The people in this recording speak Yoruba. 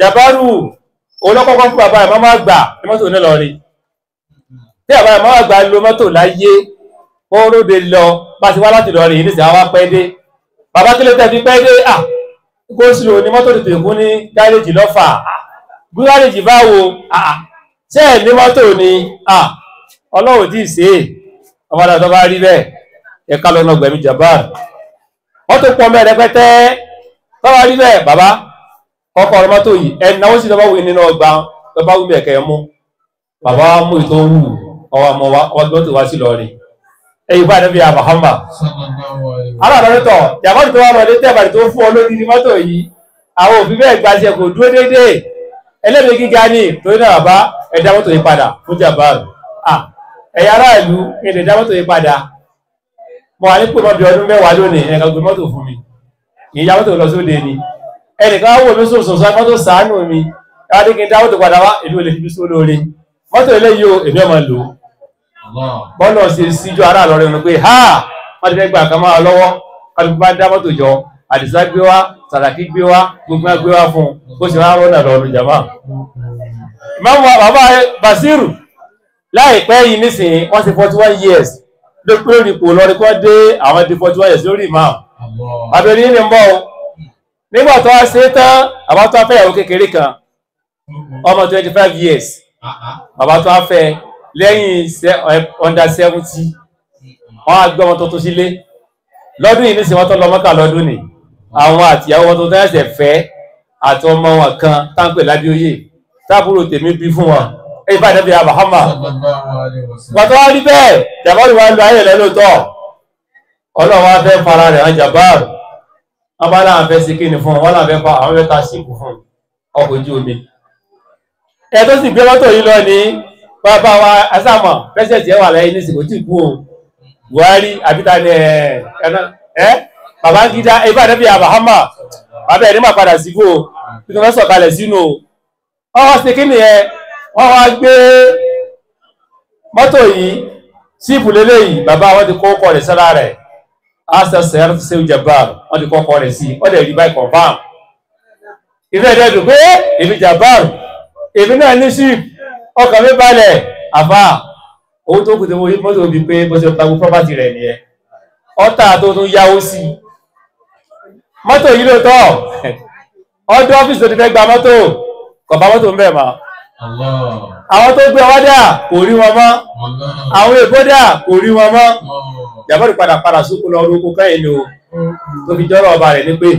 Jabaru olókọ́kọ́ fún bàbá ẹ̀ máa gbà ní mọ́tò ní lọ́rin tí bàbá ẹ̀ máa gbà lo mọ́tò láyé ó ròde lọ bá ti wá láti lọ́rin yìí nísìnyí wá pẹ́ dé bàbá kí ló tẹ́ fi pẹ́ dé à goslo ni mọ́tò tètè kú ní gáréjì lọ́fà gáréjì báwo ṣé ẹ̀ ní mọ́tò ni ọlọ́run tí ì ṣe é ọmọdé ọ̀dọ́ bá rí bẹ́ẹ̀ ẹ̀ka lọ́nà gbẹ̀mí Jabaru mọ́tò pọ̀ mẹ́rẹ̀ẹ́pẹ́tẹ́ tọ́wọ́ rí bẹ́ẹ̀ bàbá ọkọ̀ ọ̀rọ̀ mọ́tò yìí ẹ̀ náwó sí lọ́bàá wí nínú ọgbà lọ́bàá wí bẹ̀kẹ́ mú bàbá wa mú ètò wù ọwọ́ àmọ́ wa ọdún tó wá sí lọ rí ẹ̀yìn bá dẹ́bi àbàhámà. alàlọ́dọ̀tọ̀ jàmọ́tò tó wà lọ́dẹ tẹ́bàdì tó fún ọ lórí ní mọ́tò yìí àwọn òbí bẹ́ẹ̀ gba iṣẹ́ kò dúró déédéé ẹlẹ́bi gíga ni torí náà bàbá ẹ̀dá mọ́tò yìí padà fún jàmbá ẹ̀yà aráàlú ẹ̀dá mọ́tò yìí padà mo wà ní pé ọdún mẹ́wàá lónìí ẹ̀ka gbé mọ́tò fún mi ìyá mọ́tò lọ sóde ni ẹnìkan wò mí sòsò sọ mọ́tò sàánù mi káàdé kí n dáwọ́ tó padà wá èmi ò lè fi sóò lóore mọ́tò eléyìí o èmi ọmọ lò bọ́ọ̀nà ṣe síjú ara lọ rẹ̀ pé ha wọ́n ti fẹ́ gbà kan máa lọ́wọ́ káàdé bá dá mọ́tò jọ àdìsá gbé wá sàràkí gbé wá gbogbo ẹ gbé wá fún un bó ṣe wá rọ́nà lọ́nu jàmá. ìmáàmù bàbá Basiru láìpẹ́ yìí nísìnyí wọ́n ti forty one years lórí ipò lọ́rí kọ́ dé àwọn ti forty one years lórí ìmáàmù àbẹ̀rẹ̀ yìí ni ń bọ̀ nígbà tó wá ṣe tán bàbá tó wá fẹ́ ìyàwó kékeré kan mm-hmm. ọmọ twenty five years uh-huh. bàbá tó wá fẹ́ lẹ́yìn eh, under seventy mm-hmm. wọ́n á gbé ọmọ tuntun sílé lọ́dún yìí nísìnyí wọ́n tó lọ mọ́kà lọ́dún ni àwọn àtìyàwó wọn tó tẹ́sẹ̀ fẹ́ àti ọmọ wọn kan táǹpẹ̀ lábíóyè táàbúrò tèmi bí fún wọn ìfà ìdẹ́bí àbáhámà pàtó wá rí bẹ́ẹ̀ jàbáàrù wá lu ayé rẹ̀ lóòótọ́ ọlọ́run wá fẹ́ fara rẹ̀ hàn jàbáàrù wọ́n bá láwọn fẹ́ ṣe kíni fún wọn láwọn fẹ́ bá àwọn mẹ́ta ṣìnkú fún ọkọ̀ ojú omi ẹ tó sì gbé mọ́tò yìí lọ ní bàbá wa asámọ̀ pẹ́sẹ̀tì ẹ̀ wà láyé ní ìsìnkú tí kú o Buhari abita ni ẹ bàbá gíga ibà nẹ́bí abahama bàbá ẹ̀ ní mà padà síbò tuntun fẹ́ sọ̀kalẹ̀ sínú o wọ́n wá ṣe kíni ẹ wọ́n wá gbé mọ́tò yìí síìpù lélẹ́yìí bàbá wọn ti kó kọ́ rẹ̀ sára rẹ̀ asa sẹ́rẹ́ tó sẹ́wọ́ jabar wọ́n ti kọ́kọ́ rẹ̀ sí ọ̀dẹ̀ rí báyìí confam ìlú ẹ̀dẹ́ dùn pé èmi jabar èmi náà ní sí ọkàn mi balẹ̀ àfà owó tó kù tó wọ́n mọ́tò bíi pé bó ṣe ń tagun property rẹ̀ nìyẹn ọ̀tà tó tún yáwó sí mọ́tò yìí ló tọ́ ọdún ọ́fíìsì tó ti fẹ́ gba mọ́tò kò bá mọ́tò ń bẹ̀ mọ́ àwọn tó gbé ọwọ́ dà kò rí wọn mọ́ àwọn èbó dà kò rí wọn mọ́. Jàbọ́rì padà padà sóko lọ orókó kẹ́yìn ni o mm, mm. tó fi jọ́rọ̀ ọba rẹ̀ ní pé